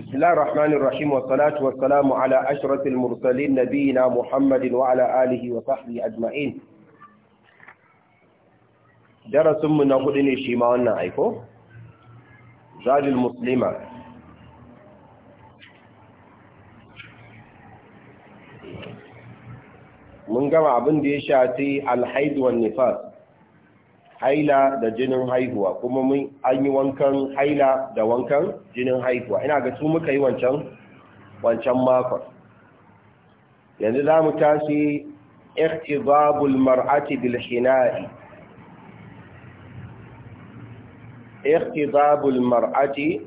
بسم الله الرحمن الرحيم والصلاة والسلام على أشرف المرسلين نبينا محمد وعلى آله وصحبه أجمعين درس من أخذني شيمان نعيفو زاد المسلمة من جمع بندي شاتي الحيد والنفاس haila da jinin haihuwa kuma mun an yi wankan haila da wankan jinin haihuwa ina ga su muka yi wancan wancan makon yanzu za mu tashi ikhtibabul mar'ati bil hina'i ikhtibabul mar'ati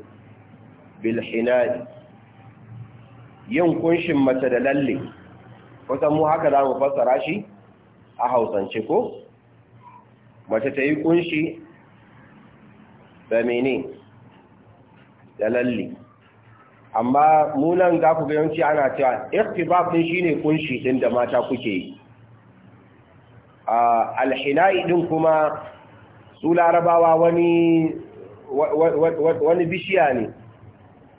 bil hina'i yin kunshin mace da lalle kusan mu haka za mu fassara shi a hausance ko mace ta yi kunshi da mene da lalle, amma munan za ku yawanci ana cewa iftibab din shine kunshi din da mata kuke yi alhinai din kuma su larabawa wani wani bishiya ne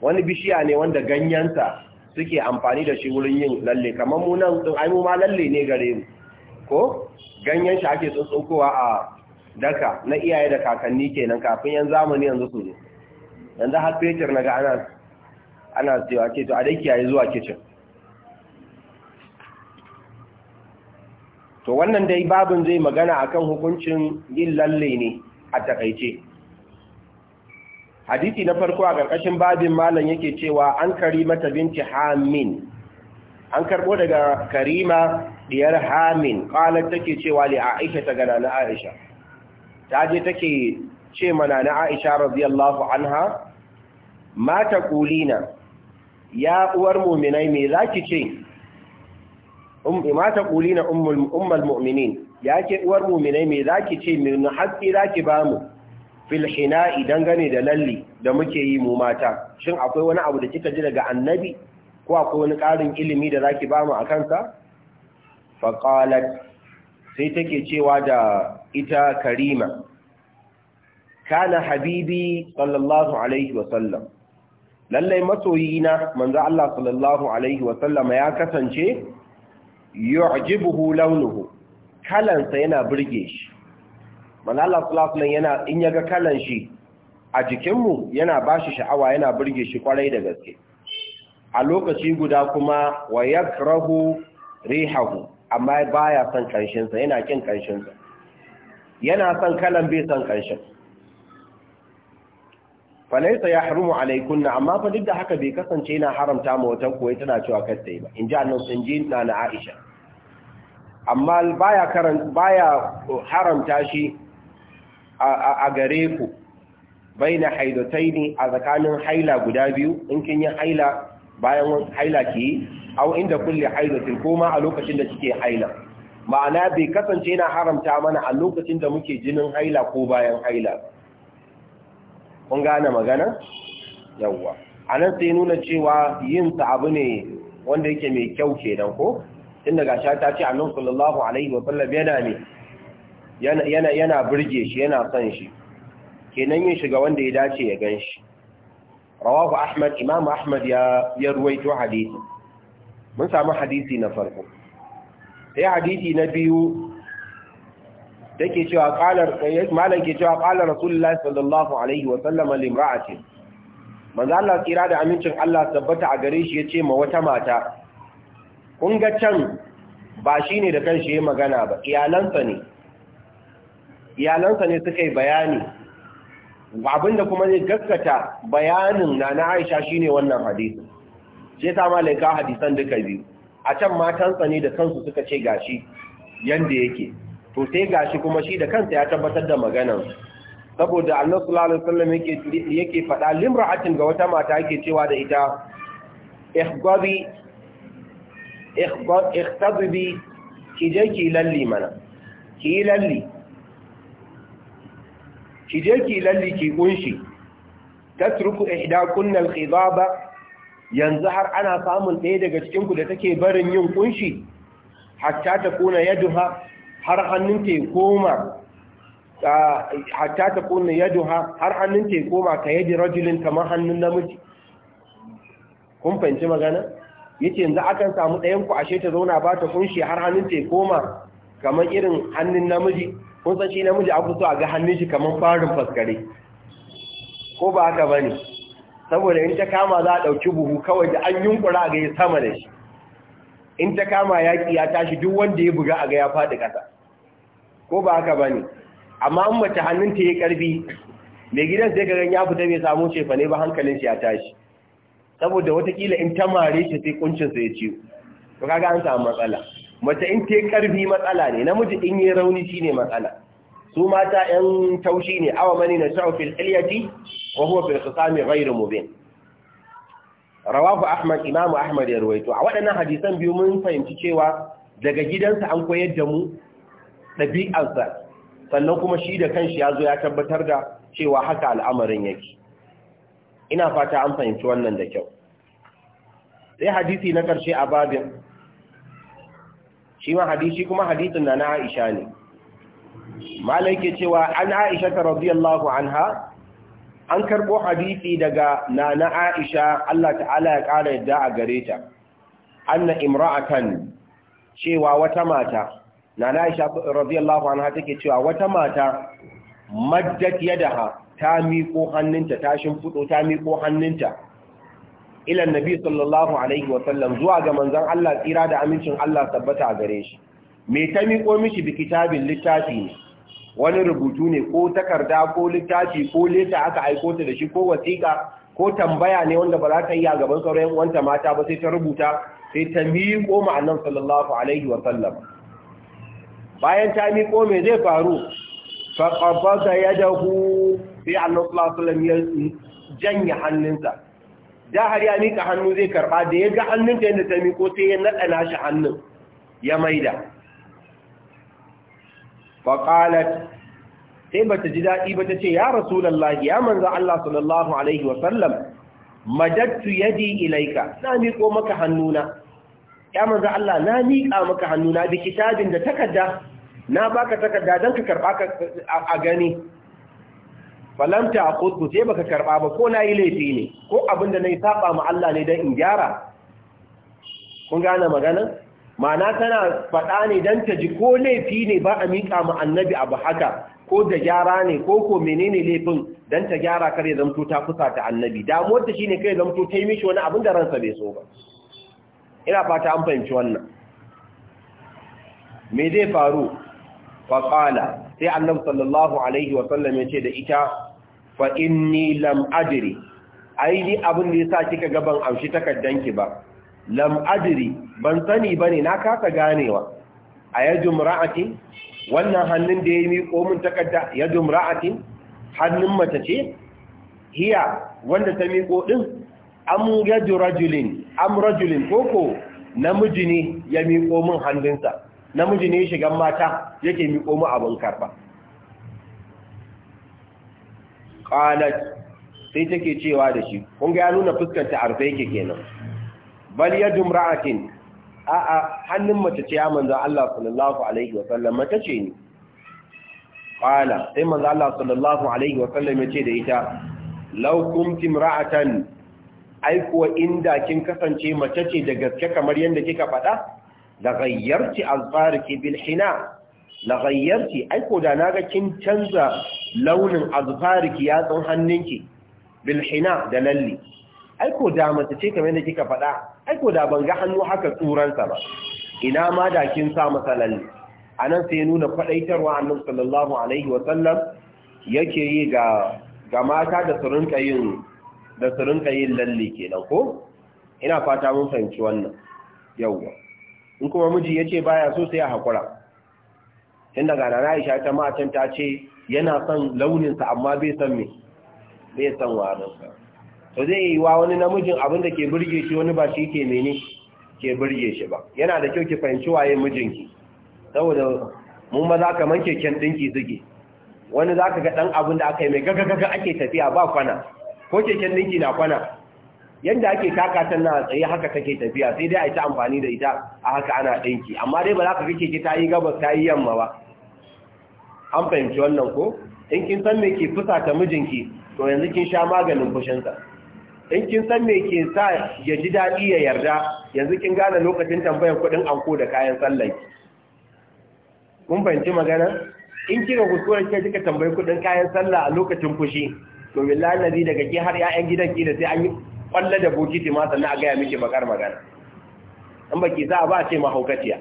wani bishiya ne wanda ganyanta suke amfani da shi wurin yin lalle kamar munan ai mu ma lalle ne gare mu ko ganyen shi ake tsotsokowa a daka na iyaye da kakanni kenan kafin yan zamani yanzu su zo yanzu har fetur na ga ana ana cewa ce to a dai kiyaye zuwa kicin to wannan dai babin zai magana akan hukuncin yin lalle ne a takaice hadisi na farko a ƙarƙashin babin malam yake cewa an mata binti hamin an karɓo daga karima diyar hamin ƙalar take cewa li aisha ta gana na aisha ta je take ce mana na Aisha radiyallahu anha mata kulina ya uwar mu'minai me zaki ce ummi mata kulina ummul ummul mu'minin yake uwar mu'minai me zaki ce min haƙi zaki bamu fil idan gane da lalli da muke yi mu mata shin akwai wani abu da kika ji daga annabi ko akwai wani ƙarin ilimi da zaki bamu akan sa faqalat sai take cewa da ita karima kana habibi sallallahu alaihi wasallam lallai masoyina manzo Allah sallallahu alaihi wasallam ya kasance yu'jibuhu launuhu kalansa yana burge shi manzo Allah sallallahu alaihi yana in yaga kalan shi a jikinmu yana bashi sha'awa yana burge shi kwarai da gaske a lokaci guda kuma wa yakrahu rihahu amma ba ya son kanshinsa yana kin kanshinsa yana son kalan bai son kanshin falaisa ya harumu alaikunna amma fa duk da haka bai kasance yana haramta ma wata koyi tana cewa kasta yi ba in ji annan sun ji na na aisha amma baya karan baya haramta shi a gare ku haidatai haidataini a tsakanin haila guda biyu in kin yi haila bayan haila ke yi au inda kulle hailatin ko ma a lokacin da suke haila ma'ana bai kasance yana haramta mana a lokacin da muke jinin haila ko bayan haila kun gane magana yawwa anan sai nuna cewa yin sa abu ne wanda yake mai kyau kenan ko tun daga sha ta ce nan, sallallahu alaihi wa sallam yana ne yana birge burge shi yana son shi kenan yin shiga wanda ya dace ya ganshi rawahu ahmad imam ahmad ya ya ruwaito hadisi mun samu hadisi na farko sai hadisi na biyu take cewa qalar malan ke sallallahu alaihi wa sallam limra'atin manzo Allah tsira da amincin Allah tabbata a gare shi yace ma wata mata Kunga can ba shine da kanshi ya magana ba iyalansa ne iyalansa ne suka yi bayani abinda kuma zai gaskata bayanin na na Aisha shine wannan hadisi sai ta malaika hadisan duka biyu a can matan ne da kansu suka ce gashi yanda yake to sai gashi kuma shi da kansa ya tabbatar da maganar saboda Allah sallallahu alaihi wasallam yake yake faɗa limra'atin ga wata mata yake cewa da ita ihbabi ihbab ki je ki lalli mana ki lalli ki je ki lalli ki kunshi tatruku ihdakunna khidaba yanzu har ana samun ɗaya daga cikin ku da take barin yin kunshi hatta ta kuna yaduha har hannun ta koma hatta ta kuna yaduha har hannun ta koma ka yadi rajulin kamar hannun namiji kun fahimci magana yace yanzu akan samu ɗayan ku ashe ta zauna ba ta kunshi har hannun ta koma kamar irin hannun namiji kun san shi namiji an fito a ga hannun shi kamar farin faskare ko ba haka ba ne saboda in ta kama za a ɗauki buhu kawai da an yunkura a gaya sama da shi in ta kama yaƙi ya tashi duk wanda ya buga a ga ya faɗi ƙasa ko ba haka ba ne amma an mace hannunta ya ƙarfi mai gidan sai gagan ya fita bai samu cefa ne ba hankalin shi ya tashi saboda watakila in ta mare shi sai kuncinsa ya ciwo to kaga an samu matsala mace in ta karfi matsala ne namiji in yi rauni shine matsala su mata yan taushi ne awa mani na sha'u fil Iliyati, wa huwa fil khisami ghayr mubin rawahu ahmad imam ahmad ya ruwaito a waɗannan hadisan biyu mun fahimci cewa daga gidansa an koyar da mu ɗabi'arsa sannan kuma shi da kanshi ya zo ya tabbatar da cewa haka al'amarin yake ina fata an fahimci wannan da kyau sai hadisi na ƙarshe a babin shi ma hadisi kuma hadisin na na Aisha ne malai ke cewa an Aisha ta radiyallahu anha an karbo hadisi daga na na Aisha Allah ta'ala ya ƙara yadda a gare ta anna imra'atan cewa wata mata na na Aisha radiyallahu anha take cewa wata mata maddat yadaha ta miƙo hannunta ta shimfiɗo ta miƙo hannunta ilan nabi sallallahu alaihi sallam zuwa ga Manzon, Allah tsira da amincin Allah tabbata gare shi me ta miƙo mishi bi kitabin littafi ne wani rubutu ne ko takarda ko littafi ko leta aka aiko ta da shi ko wasiƙa ko tambaya ne wanda ba za ta yi a gaban sauran wanta mata ba sai ta rubuta sai ta miƙo ma sallallahu alaihi sallam. bayan ta miƙo me zai faru fa qabada yadahu sai annabi sallallahu alaihi wasallam ya janye hannunsa da har ya mika hannu zai karɓa da ya ga hannunta yadda ta miko sai ya naɗa nashi hannun ya maida faƙalat sai ba ta ji daɗi ba ta ce ya rasulallah ya manza Allah sallallahu alaihi wasallam madattu yadi ilaika na miko maka hannuna ya manza Allah na miƙa maka hannuna da kitabin da takarda na baka takarda don ka karɓa a gani falam ta aqutu sai baka karba ba ko nayi laifi ne ko abinda nayi saba ma Allah ne dan in gyara kun gane magana ma'ana tana faɗa ne dan ta ji ko laifi ne ba a miƙa ma annabi abu haka ko da gyara ne ko ko menene laifin dan ta gyara kare zamto ta kusa ta annabi damuwar ta shine kai zamto ta yi mishi wani abin da ransa bai so ba ina fata an fahimci wannan me zai faru faƙala sai annabi sallallahu alaihi wasallam ya ce da ita fa inni lam adri ai abin da ya sa kika ga ban amshi takaddanki ba lam adri ban sani ba ne na kasa ganewa A ayaju mar'ati wannan hannun da ya miƙo min takadda yadu mar'ati hannun mace ce hiya wanda ta miƙo ɗin, am yadu rajulin am rajulin koko namiji ne ya miƙo min hannunsa namiji ne shigan mata yake miƙo mu abin karba qalat sai take cewa da shi kun ga ya nuna fuskar ta arfa yake kenan bal yadu ra'atin a a hannun mace ce ya manzo Allah sallallahu alaihi wa sallam mace ce ne qala sai manzo Allah sallallahu alaihi wa sallam ya ce da ita law kuntum ra'atan ai kuwa inda kin kasance mace ce da gaske kamar yanda kika faɗa laghayyarti azfariki bil hina laghayyarti ai ko da naga kin canza launin azfariki yatsun tsan hannunki bilhina da lalli ai ko da mace ce kamar kika faɗa ai ko da ban ga hannu haka tsuransa ba ina ma da kin sa masa lalli anan sai nuna faɗaitarwa annabi sallallahu alaihi wa sallam yake yi ga mata da su rinka yin lalle kenan ko ina fata mun fahimci wannan yawwa in kuma miji ya ce baya so sai a haƙura tun daga na Aisha ta matan ta ce yana son launinsa amma bai san me bai san warinsa to zai yi wa wani namijin abin da ke burge shi wani ba shi ke mene ke burge shi ba yana da kyau ki fahimci waye mijinki saboda mun ma za ka man keken ɗinki suke wani za ka ga ɗan abin da aka yi mai gagagaga ake tafiya ba kwana ko keken ɗinki na kwana yanda ake taka ta na tsaye haka take tafiya sai dai a ta amfani da ita a haka ana ɗinki amma dai ba za ka kake ki ta yi gabas ta yi yamma ba an fahimci wannan ko in kin san me ke fusa ta mijinki to yanzu kin sha maganin fushinsa in kin san me ke sa ya ji daɗi ya yarda yanzu kin gane lokacin tambayar kuɗin anko da kayan ki. kun fahimci magana in kika kuskure kika kika tambayi kuɗin kayan sallah a lokacin fushi to billahi nabi daga ke har 'ya'yan gidan ki da sai an yi kwalla da bokiti ma sannan a gaya miki bakar magana An baki za a ba ce mahaukaciya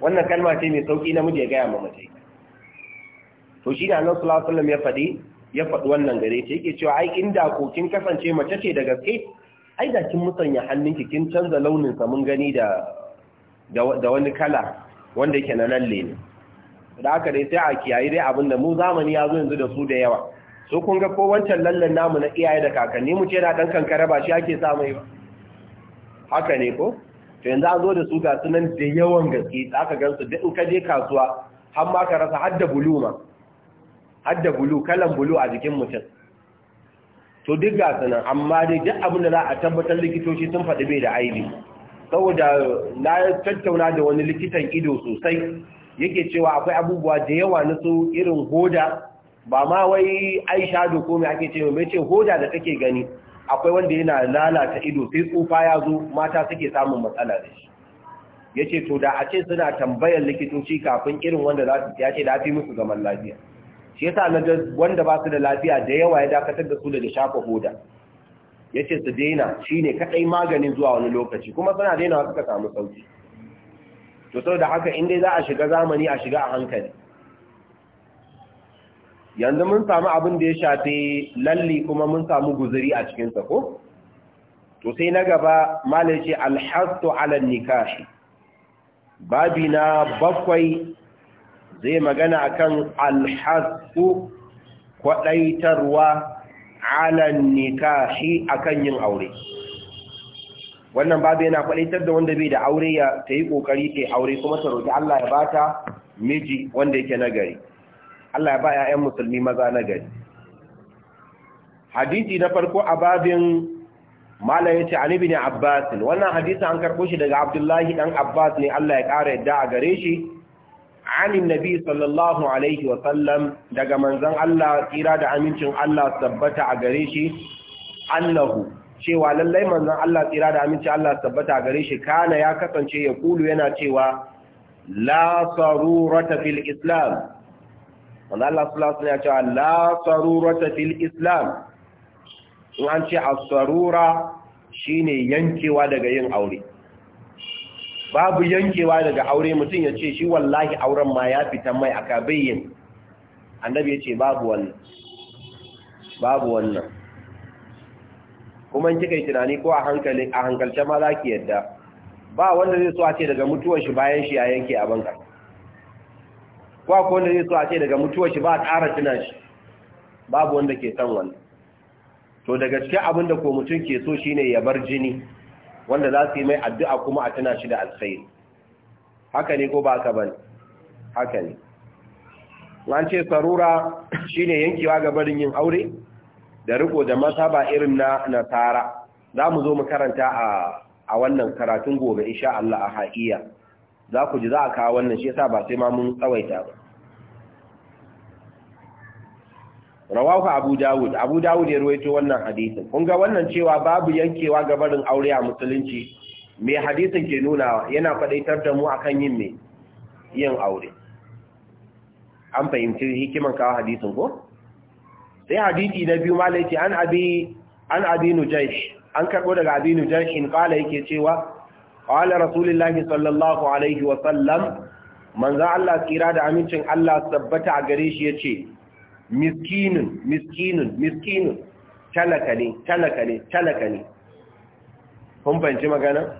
wannan kalma ce mai sauki namiji ya gaya ma mace to shi ne nan sallallahu ya faɗi ya faɗi wannan gare ce yake cewa ai inda ko kin kasance mace ce da gaske ai da kin musanya hannunki kin canza launin sa mun gani da da wani kala wanda yake na lalle ne da haka dai sai a kiyaye dai abinda mu zamani ya zo yanzu da su da yawa So kun ga ko wancan lallan namu na iyaye da kakanni mu ce na dan kankara ba shi ake sa mai ba haka ne ko to yanzu an zo da su ga sunan da yawan gaske aka gansu da in ka je kasuwa har ma ka rasa hadda bulu ma hadda bulu kalan bulu a jikin mutum to duk ga sunan amma dai duk abin da za a tabbatar likitoci sun faɗi bai da aibi saboda na tattauna da wani likitan ido sosai yake cewa akwai abubuwa da yawa na su irin hoda ba ma wai aisha da komai ake ce mai ce hoda da take gani akwai wanda yana lalata ido sai tsufa ya zo mata suke samun matsala da shi ya ce to da a ce suna tambayar likitoci kafin irin wanda za su ya ce da fi musu zaman lafiya shi yasa na wanda ba su da lafiya da yawa ya dakatar da su daga shafa hoda ya ce su daina shi ne kaɗai maganin zuwa wani lokaci kuma suna daina suka samu sauki to sau da haka inda za a shiga zamani a shiga a hankali yanzu mun samu abin da ya shafi lalli kuma mun samu guzuri a cikinsa ko? to sai na gaba malaci alhattu ala nikashi babi na bakwai zai magana akan alhasu kwadaitarwa ala nikashi akan yin aure wannan babu yana kwadaitar da wanda bai da aure ya ta yi kokari aure kuma ta roƙi Allah ya bata miji wanda yake nagari Allah ya ba 'ya'yan musulmi maza na gari hadisi na farko a babin mala yace bi ne abbas wannan hadisi an karɓo shi daga abdullahi ɗan abbas ne Allah ya ƙara yadda a gare shi anin nabi sallallahu alaihi wa daga manzan Allah tsira da amincin Allah sabbata a gare shi cewa lallai manzan Allah tsira da amincin Allah sabbata a gare shi kana ya kasance ya kulu yana cewa la sarurata fil islam wanda Allah sallallahu ya ce la sarurata fil islam in an ce as shi shine yankewa daga yin aure babu yankewa daga aure mutum ya ce shi wallahi auren ma ya fita mai aka bayyin annabi ya ce babu wannan babu wannan kuma kika yi tunani ko a hankali a hankalce ma za ki yadda ba wanda zai so a ce daga mutuwar shi bayan shi ya yanke a banka ko ko wanda zai so a ce daga mutuwar shi ba a ƙara tuna shi babu wanda ke san wannan to daga cikin abin da ko mutum ke so shine ya bar jini wanda za su yi mai addu'a kuma a tuna shi da alkhairi haka ne ko ba ka bane haka ne an ce sarura shine yankewa ga barin yin aure da riko da masaba irin na nasara za mu zo mu karanta a a wannan karatun gobe insha Allah a haƙiya za ku ji za a kawo wannan shi sa ba sai ma mun tsawaita ba rawahu abu dawud abu dawud ya ruwaito wannan hadisin kun ga wannan cewa babu yankewa ga barin aure a musulunci me hadisin ke nunawa yana faɗaitar da mu akan yin me yin aure an fahimci hikiman kawo hadisin ko sai hadisi na biyu malai an abi an abi nujaish an karbo daga abi nujaish in kala yake cewa قال رسول sallallahu صلى wa عليه وسلم Allah ذا da amincin Allah tabbata a gare shi yace miskinun miskinun miskinun talaka ne تلكني ne talaka ne kun fahimci magana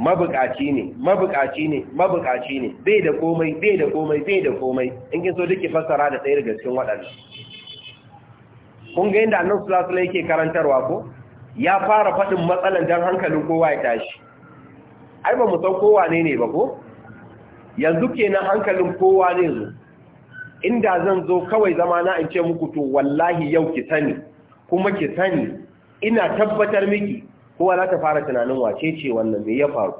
mabukaci ne mabukaci ne mabukaci ne bai da komai bai da komai bai da komai in kin so duke fassara da tsayar daga wadannan waɗannan kun ga inda annabi sallallahu alaihi yake karantarwa ko ya fara faɗin matsalan dan hankalin kowa ya tashi ai ba mu san kowa ne ne ba ko yanzu kenan hankalin kowa ne zo inda zan zo kawai zama na in ce muku to wallahi yau ki sani kuma ki sani ina tabbatar miki kowa za ta fara tunanin wace ce wannan me ya faru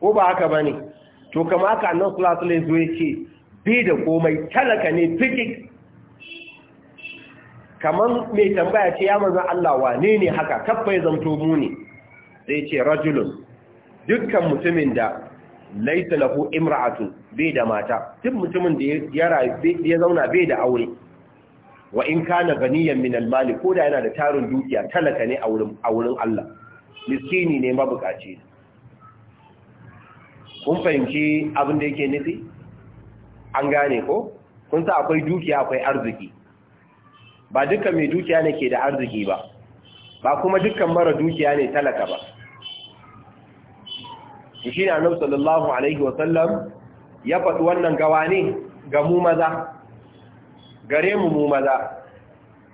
ko ba haka bane to kamar haka annabi sallallahu alaihi wasallam ya ce bi da komai talaka ne fikik kaman mai tambaya ce ya manzo Allah wane ne haka kafai zamto mu ne sai ce rajulun dukkan mutumin da laisa lahu imra'atu bai da mata duk mutumin da ya rayu ya zauna bai da aure wa in kana ganiyan min almali ko da yana da tarin dukiya talaka ne a wurin a wurin Allah miskini ne mabukaci kun fahimci abin da yake nufi an gane ko kun sa akwai dukiya akwai arziki ba dukkan mai dukiya ne ke da arziki ba ba kuma dukkan mara dukiya ne talaka ba to shi annabi sallallahu alaihi wa sallam ya faɗi wannan gawa ne? ga mu maza gare mu mu maza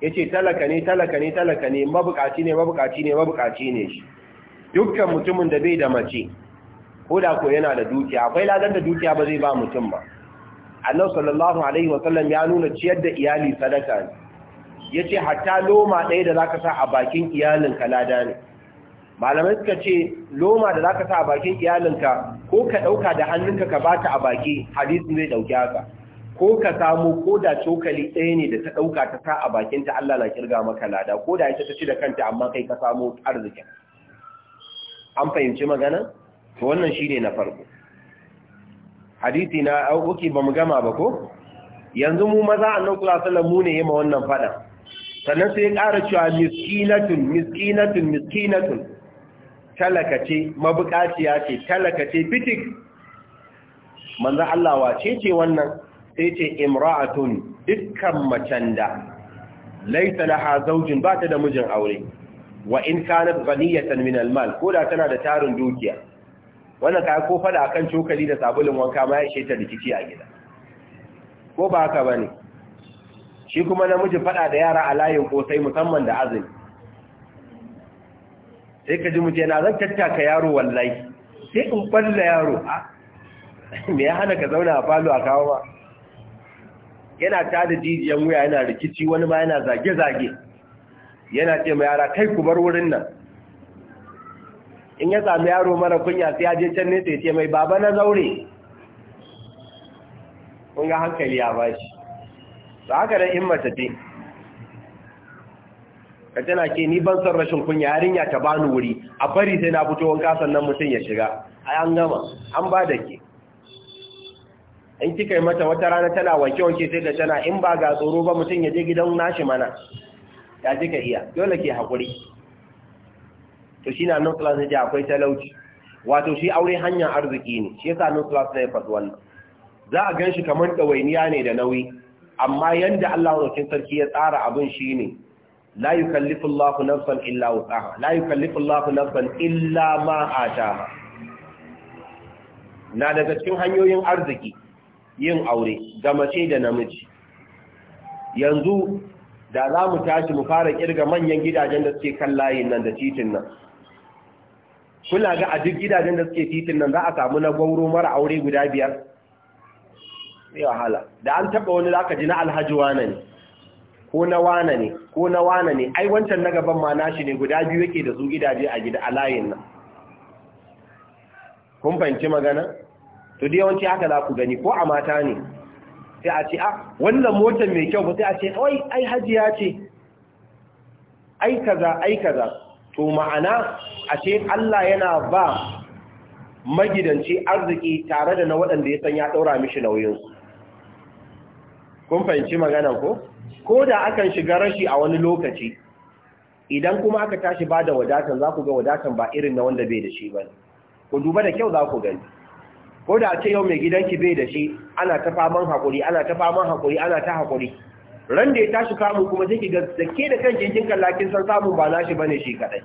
Ya ce talaka ne talaka ne talaka ne mabukaci ne mabukaci ne mabukaci ne shi dukkan mutumin da bai da mace ko da ko yana da dukiya akwai ladan da dukiya ba zai ba mutum ba Allah sallallahu alaihi wa sallam ya nuna ciyar da iyali sadaka ne yace hatta loma ɗaya da zaka sa a bakin iyalin ka lada ne malamai suka ce loma da zaka sa a bakin iyalinka ko ka ɗauka da hannunka ka bata a baki hadisin zai ɗauki haka ko ka samu ko da cokali ɗaya ne da ta dauka ta sa a bakinta Allah na kirga maka lada ko da ita ta ci da kanta amma kai ka samu arzikin an fahimci magana to wannan shine na farko hadisi na auki ba gama ba ko yanzu mu maza annabi sallallahu alaihi wasallam ne yema wannan fada sannan sai ya ƙara cewa miskinatun miskinatun miskinatun Talakace mabukaciya ce talakace bitik manzo Allah wace ce wannan sai ce imra'atun dukkan macen da laisa laha zaujin ba ta da mijin aure wa in kanat ghaniyatan min almal ko da tana da tarin dukiya wannan kai ko fada akan cokali da sabulin wanka ma ya sheta ta rikici a gida ko ba haka bane shi kuma namiji fada da yara a layin kosai musamman da azumi sai ka ji mutu yana zan tattaka yaro wallahi sai in balla yaro a me ya hana ka zauna a falo a kawo ba yana ta da jijiyan wuya yana rikici wani ma yana zage-zage yana ce ma yara kai ku bar wurin nan in ya sami yaro mara kunya sai ya je can ne sai ce mai baba na zaure kun ga hankali ya bashi ba haka da in mace ce ka tana ke ni ban san rashin kunya yarinya ta bani wuri a bari sai na fito wanka sannan mutum ya shiga ai an gama an ba da ke in kika yi mata wata rana tana wanke wanke sai ka tana in ba ga tsoro ba mutum ya je gidan nashi mana ya ji ka iya dole ke hakuri to shi na nan class ne akwai talauci wato shi aure hanyar arziki ne shi yasa nan class ne faɗi wannan za a gan shi kamar ɗawainiya ne da nauyi amma yanda Allah wa sarki ya tsara abin shi ne لا يكلف الله نفسا illa وسعها لا يكلف الله نفسا الا ما اتاها na daga cikin hanyoyin arziki yin aure ga mace da namiji yanzu da za mu tashi mu fara kirga manyan gidajen da suke kan layin nan da titin nan kuna ga a duk gidajen da suke titin nan za a samu na gauro mara aure guda biyar sai wahala da an taba wani zaka ji na alhaji wane ne ko na wane ne ko na wane ne ai wancan na gaban ma nashi ne guda biyu yake da su gidaje a gida a layin nan kun fahimci magana to dai yawanci haka za ku gani ko a mata ne sai a ce ah wannan motar mai kyau ba sai a ce oi ai hajiya ce ai kaza ai kaza to ma'ana a ce Allah yana ba magidanci arziki tare da na waɗanda ya san ya ɗaura mishi nauyinsu kun fahimci magana ko ko da akan shiga rashi a wani lokaci idan kuma aka tashi ba da wadatan za ku ga wadatan ba irin na wanda bai da shi ba ku duba da kyau za ku gani ko da ce yau mai gidanki bai da shi ana ta faman haƙuri ana ta faman haƙuri ana ta haƙuri ran da ya tashi kamun kuma sai ki ga da ke da kan kinkin kallakin san samun ba nashi bane shi kadai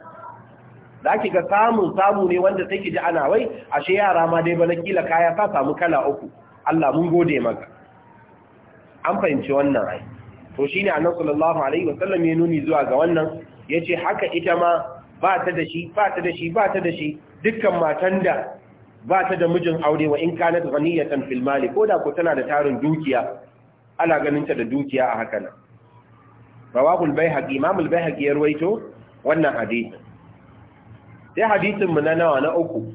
za ki ga samun samu ne wanda sai ki ji ana wai ashe yara ma dai bana kila kaya sa samu kala uku Allah mun gode maka an fahimci wannan ai to ne annan sallallahu alaihi wasallam ya nuni zuwa ga wannan Ya ce haka ita ma ba ta da shi ba ta da shi ba ta da shi dukkan matan da ba ta da mijin aure wa in kanat ghaniyatan fil mali koda ko tana da tarin dukiya ana ganin ta da dukiya a haka nan rawahul bai haƙi. imam al-baihaqi ya ruwaito wannan hadisi sai hadisin na nawa na uku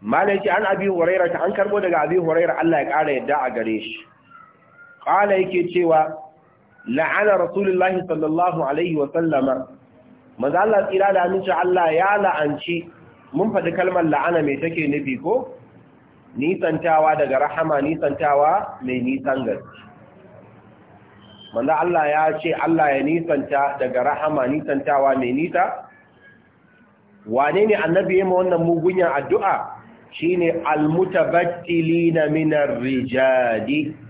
malai ce an abi hurairah an karbo daga abi hurairah Allah ya kara yadda a gare shi qala yake cewa la'ana rasulullahi sallallahu alaihi wa sallama manzo Allah tsira da aminci Allah ya la'anci mun faɗi kalmar la'ana mai take nufi ko nisantawa daga rahama nisantawa mai nisan gaske manzo Allah ya ce Allah ya nisanta daga rahama nisantawa mai nisa wane ne annabi yayin wannan mugunyar addu'a Shi ne shine almutabattilina minar rijadi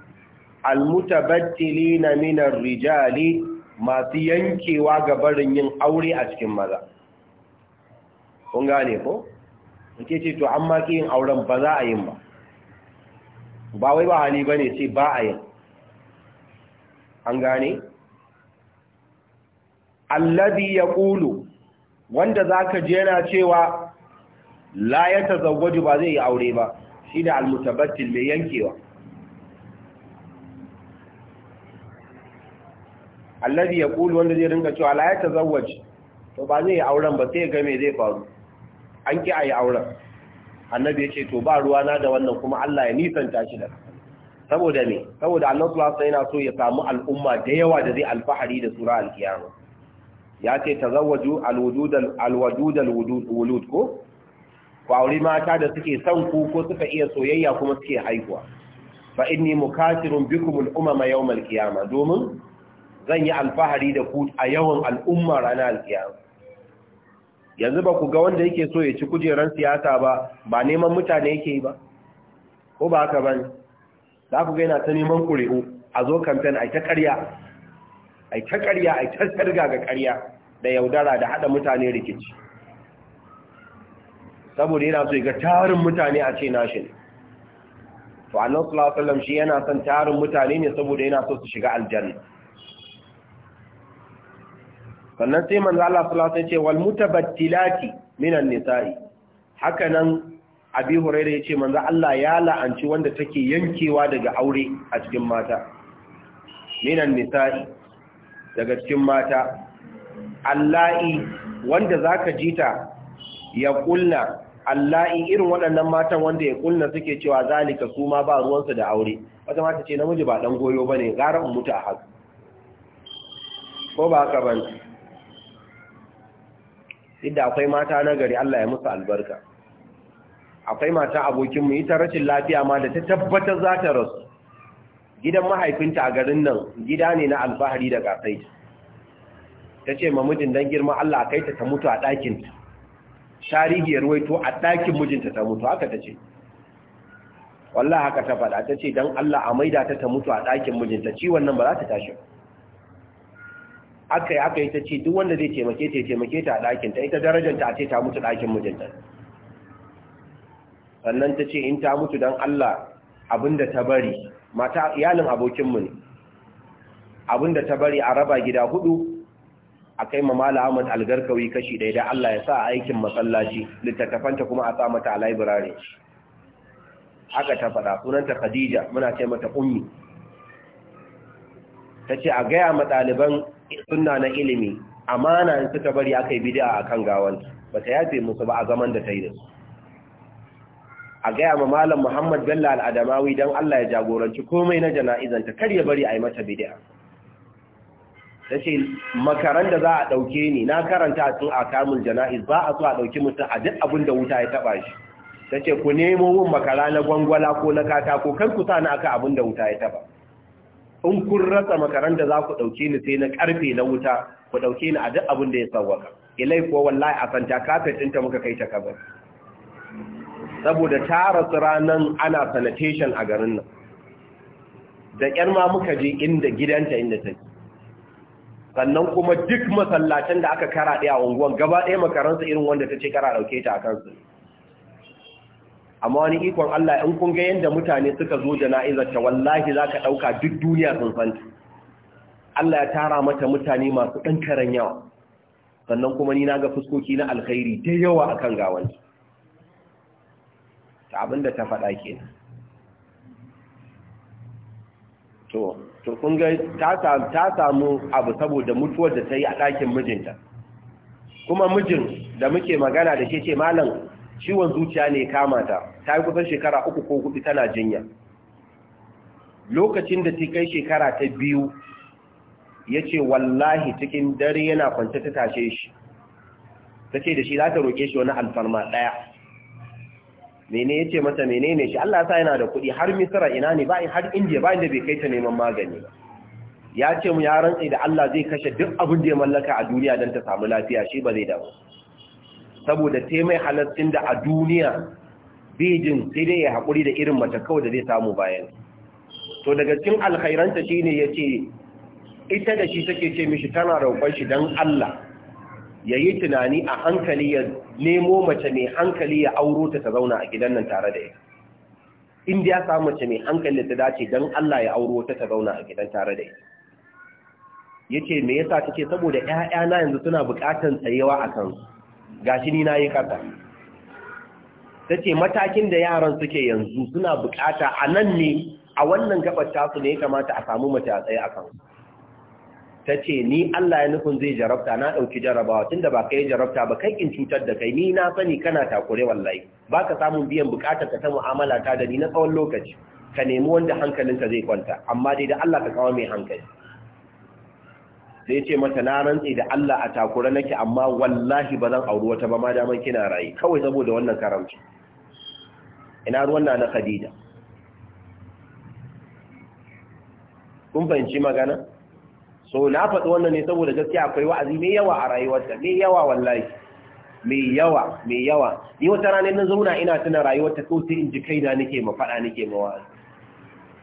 almutabattilina minar rijali masu yankewa ga barin yin aure a cikin maza kun gane ko yake ce to amma ki yin auren ba za a yin ba ba wai ba hali bane sai ba a yin an gane alladhi yaqulu wanda zaka je yana cewa la yatazawwaju ba zai yi aure ba shine almutabattil mai yankewa alladhi kulu wanda zai ringa cewa la yatazawwaj to ba zai auren ba sai ga me zai faru an ki ayi auren annabi yace to ba ruwa na da wannan kuma Allah ya nisanta shi da saboda me saboda Allah subhanahu wa yana so ya samu al'umma da yawa da zai alfahari da sura al-qiyamah ya ce tazawwaju al-wudud al-wudud al-wulud ko ku aure mata da suke son ku ko suka iya soyayya kuma suke haihuwa fa inni mukathirun bikum al-umama yawm al-qiyamah domin zan yi alfahari da ku a yawan al'umma ranar alkiyama yanzu ba ku ga wanda yake so ya ci kujeran siyasa ba ba neman mutane yake yi ba ko ba haka bane za ku ga yana ta neman ƙuri'u a zo kamfen a ta ƙarya a ta ƙarya a ta sarga ga ƙarya da yaudara da haɗa mutane rikici saboda yana so ga tarin mutane a ce nashi ne to annabi sallallahu alaihi wasallam shi yana son tarin mutane ne saboda yana so su shiga aljanna sannan sai manzo Allah sallallahu alaihi wasallam ya ce wal mutabattilati minan nisa'i haka nan abi ya ce manzo Allah ya la'anci wanda take yankewa daga aure a cikin mata minan nisa'i daga cikin mata allahi wanda zaka jita ya kulla allahi irin waɗannan matan wanda ya kulla suke cewa zalika su ma ba ruwansa da aure wata mata ce namiji ba dan goyo bane gara in mutu a haka ko ba haka bane duk akwai mata na gari Allah ya musu albarka akwai mata abokinmu ita rashin lafiya ma da ta tabbatar za ta rasu gidan mahaifinta a garin nan gida ne na alfahari da kasai ta ce ma mijin don girma Allah kai ta ta mutu a ɗakinta tarihi ya ruwaito a ɗakin mijinta ta mutu haka ta ce wallah haka ta faɗa ta ce don Allah a maida ta ta mutu a ɗakin mijinta ciwon nan ba za ta tashi ba aka yi aka yi ta ce duk wanda zai taimake ta taimake ta a ɗakinta ita darajanta a ce ta mutu ɗakin mijinta sannan ta ce in ta mutu don Allah abinda ta bari mata iyalin abokinmu ne abinda ta bari a raba gida hudu a kai ma mala ahmad algarkawi kashi ɗaya da Allah ya sa aikin masallaci littattafanta kuma a sa mata a library aka ta faɗa sunanta khadija muna ce mata ummi ta ce a gaya ma ɗaliban suna na ilimi amana in suka bari aka yi a kan gawan ba ta yafe musu ba a zaman da ta yi da su a gaya ma malam Muhammad Bello Aladamawi don Allah ya jagoranci komai na jana'izan ta kar ya bari a yi mata bid'a ta ce makaran da za a ɗauke ni na karanta a cikin akamun jana'iz ba a so a ɗauki mutum a duk abin da wuta ya taɓa shi ta ce ku nemo wun makara na gwangwala ko na katako kan ku sa na aka abin da wuta ya taɓa in kun rasa makaranta za ku ɗauke ni sai na ƙarfe na wuta ku ɗauke ni a duk abin da ya sauwaka ilai ko wallahi a santa kafet ɗinta muka kai ta kabar saboda ta rasu ranar ana sanitation a garin nan da ƴar ma muka je inda gidanta inda ta sannan kuma duk masallacin da aka kara ɗaya a unguwan gaba ɗaya makaransu irin wanda ta ce kara ɗauke ta a kansu amma wani ikon Allah in kun ga yanda mutane suka zo jana'izar ta wallahi za ka ɗauka duk duniya sun Allah ya tara mata mutane masu ɗan karan yawa sannan kuma ni na ga fuskoki na alkhairi da yawa a kan gawan ta abinda ta faɗa kenan to to kun ga ta samu abu saboda mutuwar da ta yi a ɗakin mijinta kuma mijin da muke magana da ke ce malam ciwon zuciya ne kama ta ta yi kusan shekara uku ko hudu tana jinya lokacin da ta kai shekara ta biyu ya ce wallahi cikin dare yana kwance ta tashe shi ta ce da shi za ta roƙe shi wani alfarma ɗaya mene ya ce mata mene ne shi Allah sa yana da kuɗi har misira ina ne ba har indiya ba inda bai kai ta neman magani ba ya ce mu ya rantse da Allah zai kashe duk abin da ya mallaka a duniya don ta samu lafiya shi ba zai damu saboda taimai halattun da a duniya bejin sai dai ya haƙuri da irin mata kawai da zai samu bayan to daga cikin alkhairanta shi ne ya ce ita da shi take ce mishi tana roƙon shi don Allah ya yi tunani a hankali ya nemo mace mai hankali ya auro ta ta zauna a gidan nan tare da ita inda ya samu mace mai hankali ta dace don Allah ya auro ta ta zauna a gidan tare da ita ya ce me yasa take saboda ‘ya'yana yanzu suna bukatan tsayewa a kansu gashi ni na yi ƙasa ta matakin da yaran suke yanzu suna bukata a nan ne a wannan gabar tasu ne ya kamata a samu mace a tsaye akan. tace ni Allah ya nufin zai jarabta na ɗauki jarabawa tunda ba kai jarabta ba kai in cutar da kai ni na sani kana takure wallahi baka ka samun biyan bukatar ka ta mu'amala ta da ni na tsawon lokaci ka nemi wanda hankalinka zai kwanta amma dai da Allah ka kawo mai hankali sai ce mata na rantsi da Allah a takura nake amma wallahi ba zan auri wata ba ma daman kina rayi kawai saboda wannan karamci ina ruwan na na Khadija kun fahimci magana so na faɗi wannan ne saboda gaskiya akwai wa'azi mai yawa a rayuwarta mai yawa wallahi mai yawa mai yawa ni wata rana na zauna ina tuna rayuwarta ko sai in ji kaina nake ma faɗa nake ma wa'azi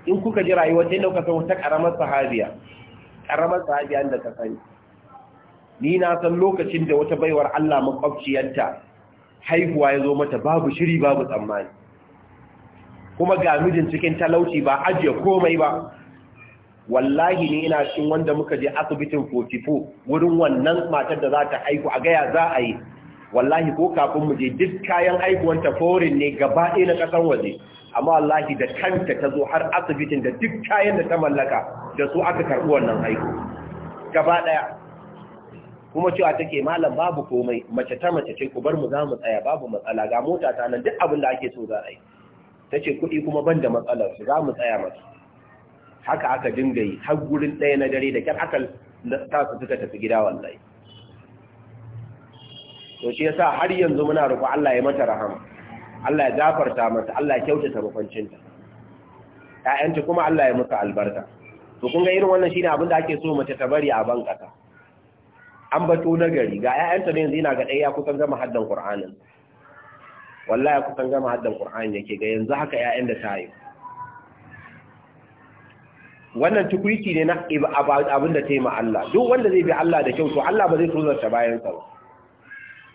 in kuka ji rayuwarta ina kuka san wata karamar sahabiya karamar sahabiya da ka sani ni na san lokacin da wata baiwar Allah makwabciyarta haihuwa ya zo mata babu shiri babu tsammani kuma ga mijin cikin talauci ba ajiye komai ba wallahi ni ina cikin wanda muka je asibitin 44 wurin wannan matar da za ta haihu a gaya za a yi wallahi ko kafin mu je duk kayan haihuwanta forin ne gaba ɗaya na ƙasar waje amma allahi da kanta ta zo har asibitin da duk kayan da ta mallaka da su aka karɓi wannan aiko gaba ɗaya kuma cewa take malam babu komai mace ta mace ce ku bar mu za mu tsaya babu matsala ga mota ta nan duk abin da ake so za a yi ta ce kuɗi kuma ban da matsalar su za mu tsaya masu haka aka dinga yi har gurin ɗaya na dare da kyar aka ta su suka tafi gida wallahi to shi yasa har yanzu muna roƙo Allah ya mata rahama Allah ya gafarta mata Allah ya kyautata mafancinta ƴaƴanta kuma Allah ya muka albarka to kun ga irin wannan shine abin da ake so mace ta bari a ban an bato na gari ga ƴaƴanta ne yanzu ina ga ɗaya kusan gama haddan Qur'anin wallahi kusan gama haddan Qur'ani yake ga yanzu haka ƴaƴan da ta yi wannan tukuici ne na abin da ta yi ma Allah duk wanda zai bi Allah da kyau to Allah ba zai tozarta bayansa ba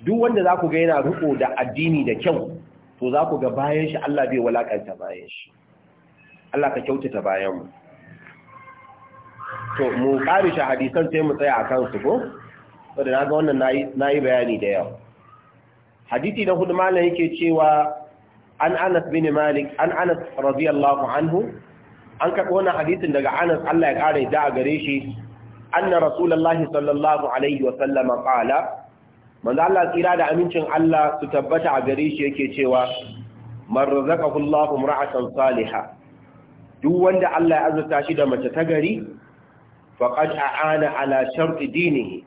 duk wanda za ku ga yana riko da addini da kyau to za ku ga bayan shi Allah bai walakanta bayan shi Allah ka kyautata bayan mu to mu karishe hadisan sai mu tsaya akan su ko saboda na ga wannan nayi bayani da yawa hadisi na hudu malam yake cewa an Anas bin Malik an Anas radiyallahu anhu an kafa wannan hadisin daga Anas Allah ya kare da a gare shi anna rasulullahi sallallahu alaihi wa sallama qala manzo Allah tsira da amincin Allah su tabbata a gare shi yake cewa man razaqahu Allahu imra'atan salihah duk wanda Allah ya azurta shi da mace ta gari faqad a'ana ala sharti dinihi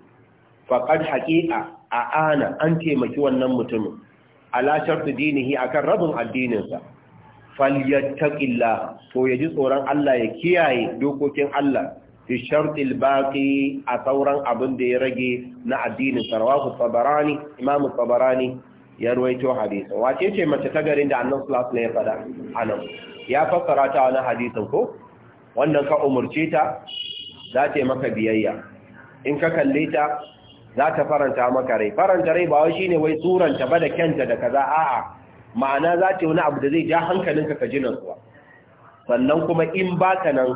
faqad haqiqa a'ana an taimaki wannan mutumin ala sharti dinihi akan rabin addininsa falyattaqillah to yaji tsoron Allah ya kiyaye dokokin Allah fi shartil baqi a sauran abin da ya rage na addinin Sarwaku tabarani imamu tabarani ya ruwaito hadisi wace ce mace ta garin da annan sallallahu ya faɗa? ya anan ya fassara ta wani hadisin ko wannan ka umarce ta za ta yi maka biyayya in ka kalle ta za ta faranta maka rai faranta rai ba shi shine wai turanta ba da kyanta da kaza a'a ma'ana za ta yi wani abu da zai ja hankalinka ka ji nutsuwa sannan kuma in baka nan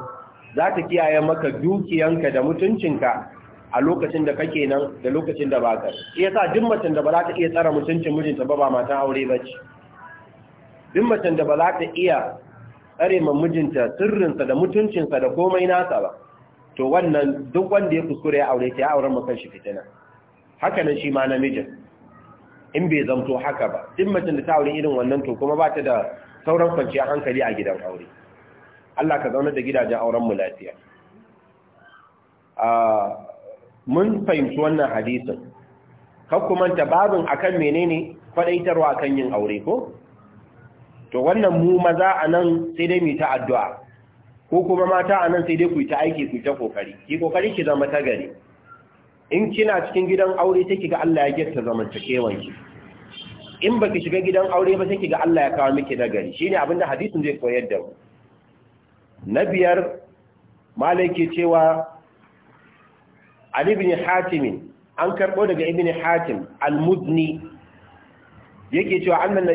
za ta kiyaye maka dukiyanka da mutuncinka a lokacin da kake nan da lokacin da baka iya sa duk mutum da ba za ta iya tsara mutuncin mijinta ba ba matan aure ba ce duk mutum da ba za ta iya tsare ma mijinta sirrinsa da mutuncinsa da komai nasa ba to wannan duk wanda ya kuskure ya aure ta ya auren makan shi fitina haka nan shi ma namijin in bai zamto haka ba duk mutum da ta aure irin wannan to kuma ba ta da sauran kwanciyar hankali a gidan aure Allah ka zaunar da gidajen auren mu lafiya ah, mun fahimci wannan hadisin kakkumanta babin akan menene faɗaitarwa kan yin aure ko to wannan mu maza a nan sai dai mu ta addu'a ko kuma mata a nan sai dai ku yi ta aiki ku ta kokari ki kokari ki zama ta gari in kina cikin gidan aure sai kiga Allah ya getta kewan ki in baki shiga gidan aure ba sai kiga Allah ya kawo miki nagari shine abinda hadisin zai koyar da mu na biyar malaki cewa Ali ibn Hatim an karbo daga ibn Hatim al-Muzni yake cewa annan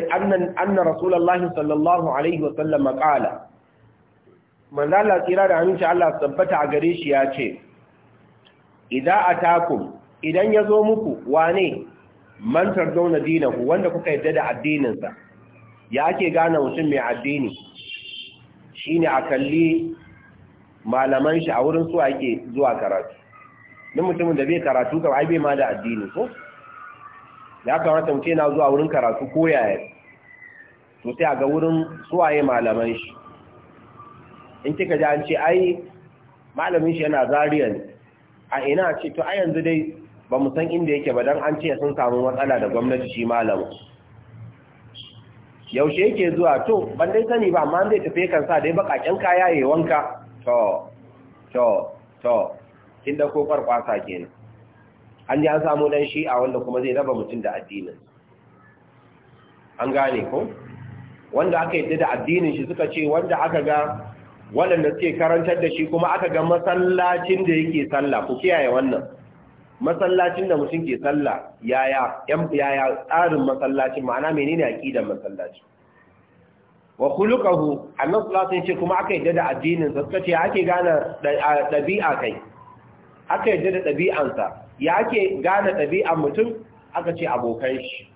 anna rasulullahi sallallahu alaihi wa sallam qala tsira da aminci Allah tabbata a gare shi ya ce a atakum idan yazo muku wane man tardawna dinanku, wanda kuka yadda da addininsa. ya ake gane mutum mai addini ne a kalli malaman shi a wurin su ake zuwa karatu Ni mutumin da bai karatu kan ma da addini ko ya kamata mutum yana zuwa wurin karatu ko yaya to sai a ga wurin suwaye malaman shi in kika ji an ce ai malamin shi yana zariya ne a ina ce to a yanzu dai ba mu san inda yake ba don an ce sun samu matsala da gwamnati shi malamin yaushe yake zuwa to ban dai sani ba amma zai tafi kansa sa dai bakaken kaya yayi wanka to to to kin da ko kwarkwasa kenan an ji an samu dan shi'a wanda kuma zai raba mutum da addinin an gane ko wanda aka yadda da addinin shi suka ce wanda aka ga waɗanda suke karantar da shi kuma aka ga masallacin da yake sallah ku kiyaye wannan masallacin da mutum ke sallah yaya yaya tsarin masallacin ma'ana menene aqidar masallaci wa khuluquhu annas sallallahu ce kuma aka yadda da addinin sa kace ake gane dabi'a kai aka yadda da dabi'ansa ya ake gane dabi'an mutum aka ce abokan shi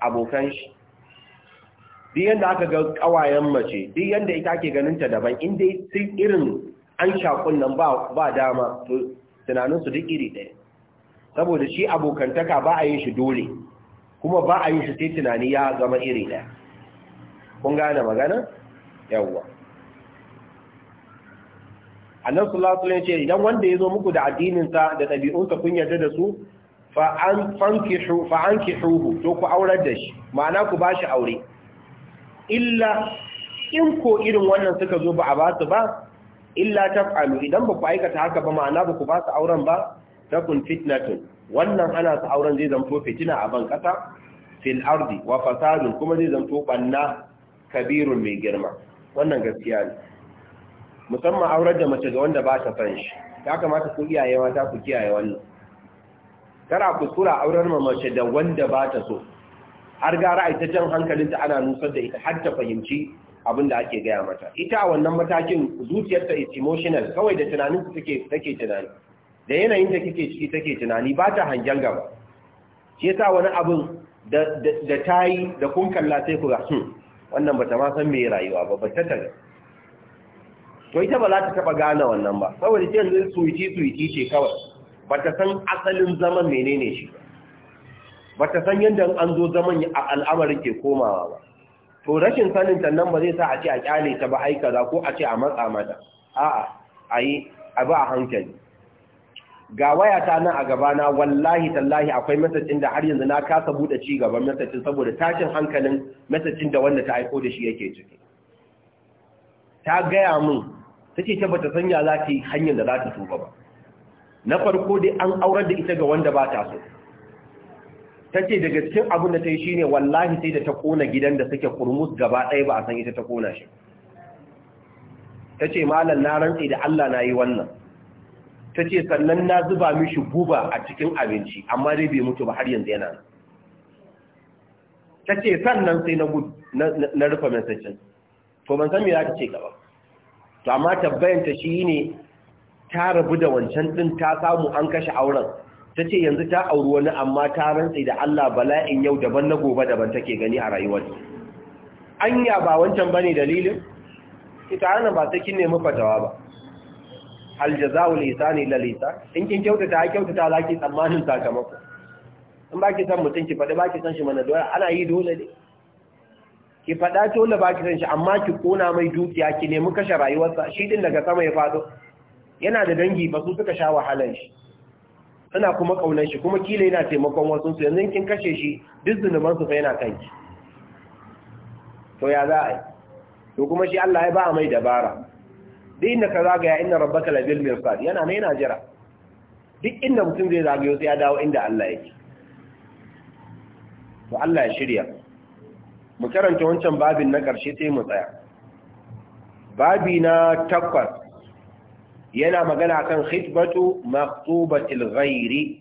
abokan shi duk yanda aka ga kawayen mace duk yanda ita ake ganin ta daban in dai irin an shakun nan ba ba dama to tunaninsu duk iri ɗaya saboda shi abokantaka ba a yin shi dole kuma ba a yin shi sai tunani ya zama iri ɗaya kun gane magana yawwa annabi sallallahu ce idan wanda ya zo muku da addinin sa da ɗabi'unsa kun yarda da su fa an fankihu fa to ku aurar da shi ma'ana ku bashi aure illa in ko irin wannan suka zo ba a ba su ba illa taf'alu idan ba ku aikata haka ba ma'ana ba ku ba su auren ba takun fitnatun wannan ana su auren zai zanto fitina a ban kasa fil ardi wa fasadun kuma zai zanto banna kabirun mai girma wannan gaskiya ne musamman auren da mace ga wanda ba ta san shi ya kamata ku iyaye mata ku kiyaye wannan tara kuskura auren ma mace da wanda ba ta so har gara a ita jan hankalinta ana nusar da ita har ta fahimci abin da ake gaya mata ita a wannan matakin zuciyarta is emotional kawai da tunanin take take tunani da yanayin da kike ciki take tunani ba ta hangen gaba shi yasa wani abin da da tayi da kun kalla sai ku ga hmm wannan bata ma san me rayuwa ba ba ta to ita ba za ta taba gane wannan ba saboda ce yanzu suiti suiti ce kawai bata san asalin zaman menene shi ba bata san yadda an zo zaman a al'amarin ke komawa ba to rashin sanin ta nan ba zai sa a ce a kyale ta ba ai ko a ce a matsa mata a'a ayi abu a hankali ga wayata nan a gabana wallahi tallahi akwai message da har yanzu na kasa buɗe ci gaban message saboda tashin hankalin message da wanda ta aiko da shi yake ciki ta gaya min ce ta bata sanya za ta yi hanyar da za ta tuba ba na farko dai an aurar da ita ga wanda ba ta so ta ce daga cikin abin da ta yi shine wallahi sai da ta kona gidan da suke kurmus gaba ɗaya ba a san ita ta kona shi ta ce malam na rantse da Allah na yi wannan ta ce sannan na zuba mishi guba a cikin abinci amma dai bai mutu ba har yanzu yana ta ce sannan sai na rufe message to ban san me za ta ce gaba to amma tabbayanta shi ne ta rabu da wancan ɗin ta samu an kashe auren ta ce yanzu ta auri wani amma ta rantse da Allah bala'in yau daban na gobe daban take gani a rayuwarta anya ba wancan bane dalilin ita ana ba sai kin nemi fatawa ba hal jazaa'ul ihsani lil lisa? in kin kyautata ai kyautata ki tsammanin sakamako in baki san mutun ki fada baki san shi mana dole ana yi dole ne ki fada dole baki san shi amma ki kona mai dukiya ki nemi kashe rayuwarsa shi din daga sama ya fado yana da dangi ba su suka sha wahalar shi ina kuma kaunar shi kuma kila yana taimakon wasu su yanzu kin kashe shi duk zunuban su fa yana kanki to ya za a yi to kuma shi Allah ya ba mai dabara duk inda ka zagaya inna rabbaka bil mirsad yana mai yana jira duk inda mutum zai zagayo sai ya dawo inda Allah yake to Allah ya shirya mu karanta wancan babin na ƙarshe sai mu tsaya babi na takwas yana magana kan khitbatu maqtubatil ghairi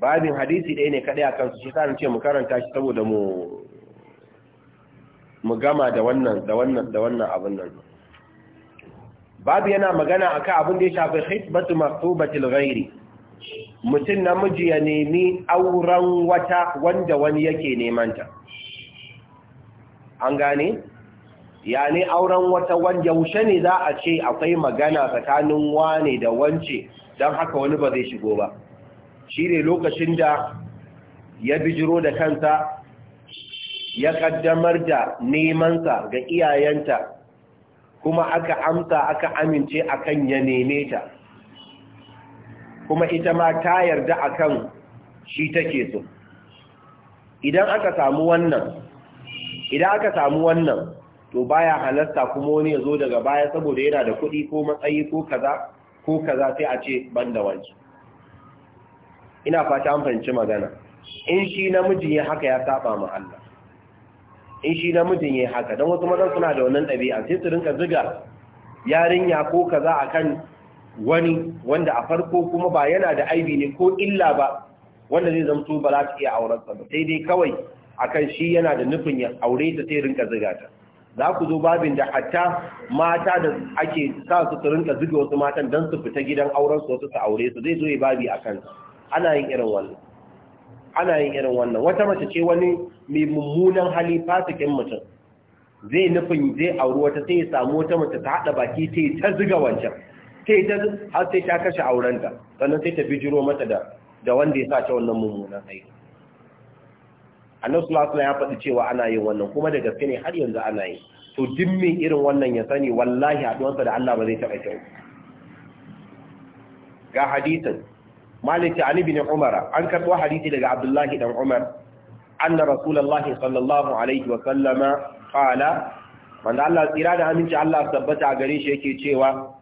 babin hadisi ɗaya ne kaɗai akan su shi sa ce mu karanta shi saboda mu mu gama da wannan da wannan da wannan abin nan babu yana magana akan abin da ya shafi khitbatu maqtubatil ghairi mutum namiji ya nemi auren wata wanda wani yake neman ta an gane ya auren wata wanda yaushe ne za a ce akwai magana tsakanin wane da wance don haka wani ba zai shigo ba shi ne lokacin da ya bijiro da kansa ya kaddamar da nemansa ga iyayenta kuma aka amsa aka amince akan ya neme ta kuma ita ma ta yarda akan shi take so idan aka samu wannan to baya halarta kuma wani ya zo daga baya saboda yana da kuɗi ko matsayi ko kaza ko kaza sai a ce ban da wani ina fata an fahimci magana in shi namijin ya haka ya saba ma Allah in shi namijin ya haka don wasu mazan suna da wannan ɗabi'a sai su rinka ziga yarinya ko kaza akan wani wanda a farko kuma ba yana da aibi ne ko illa ba wanda zai zamto ba za ta iya aurensa ba sai dai kawai akan shi yana da nufin ya aure ta sai rinka ziga ta za ku zo babin da hatta mata da ake sa su su rinka zuga wasu matan don su fita gidan auren su wasu su aure su zai zo ya babi a kan ana yin irin wannan ana yin irin wannan wata mace ce wani mai mummunan hali fasikin mutum zai nufin zai auri wata sai ya samu wata mace ta haɗa baki ta yi ta zuga wancan ta yi ta har sai ta kashe aurenta sannan sai ta bijiro mata da wanda ya sa ta wannan mummunan aiki annabi sallallahu alaihi ya faɗi cewa ana yin wannan kuma da gaske ne har yanzu ana yi to dimmin irin wannan ya sani wallahi haɗuwansa da Allah ba zai taɓa kyau ga hadisin maliki ali bin umara an karɓo hadisi daga abdullahi dan umar anna rasulullahi sallallahu alaihi wa sallama qala man Allah tsira da aminci Allah tabbata a gare shi yake cewa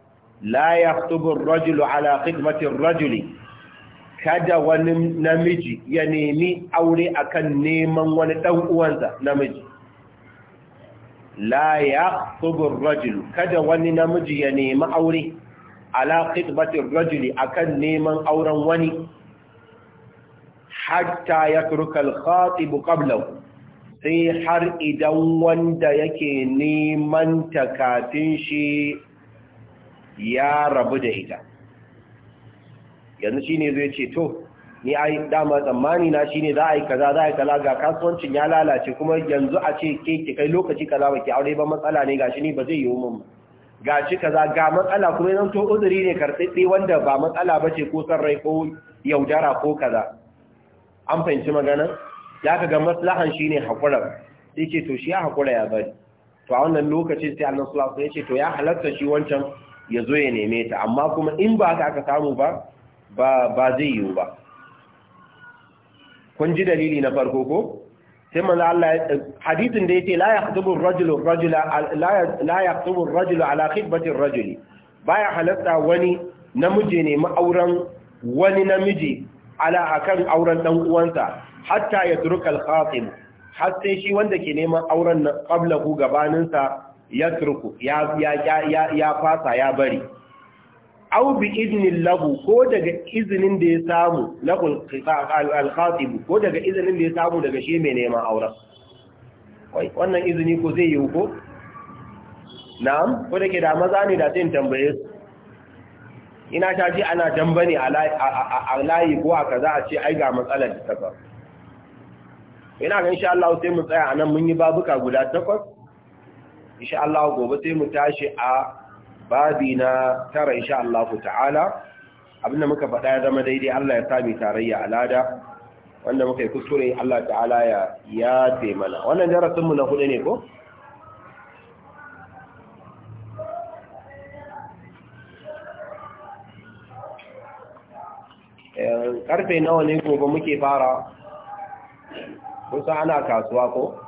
la yaktubu ar-rajulu ala khidmati ar-rajuli kada wani namiji ya nemi aure akan neman wani ɗan'uwansa uwansa namiji la ya subur rajulu kada wani namiji ya nemi aure ala khitbatir rajuli akan neman auren wani hatta ya turkal khatibu qablahu sai har idan wanda yake neman takatin shi ya rabu da ita yanzu shi ne zai ce to ni yi dama tsammani na shi ne za a yi kaza za a yi kaza ga kasuwancin ya lalace kuma yanzu a ce ke ke kai lokaci kaza ba ki aure ba matsala ne gashi ni ba zai yi min ga shi kaza ga matsala kuma yanzu to uzuri ne karsitse wanda ba matsala ba ce ko san rai ko yaudara ko kaza an fahimci magana ya ka ga maslahan ne hakura sai ce to shi ya hakura ya bari to a wannan lokacin sai Allah sallallahu alaihi ya ce to ya halatta shi wancan ya zo ya neme ta amma kuma in ba haka aka samu ba ba ba zai yiwu ba kun ji dalili na farko ko sai manzo Allah hadithin da yake la yaqtubu ar-rajulu ar-rajula la yaqtubu ar-rajulu ala khitbati ar-rajuli baya halatta wani namiji ne ma'auran wani namiji ala akan auren dan uwansa hatta ya turka al-khatib hatta shi wanda ke neman auren qablahu gabaninsa ya turku ya ya ya fasa ya bari aw bi idnin lahu ko daga izinin da ya samu na al-khatib ko daga izinin da ya samu daga shi mai neman auren wai wannan izini ko zai yi ko na'am ko dake da maza ne da zai tambaye su ina ta ji ana jamba ne a layi ko a za a ce ai ga matsalar da ba ina ga insha Allah sai mu tsaya anan mun yi babuka guda takwas insha Allah gobe sai mu tashi a babi na tara insha Allah ta'ala abinda muka faɗa ya zama daidai Allah ya sami tarayya alada wanda muka yi kuskure Allah ta'ala ya ya mana wannan darasin mu na hudu ne ko eh, karfe nawa ne gobe muke fara kusa ana kasuwa ko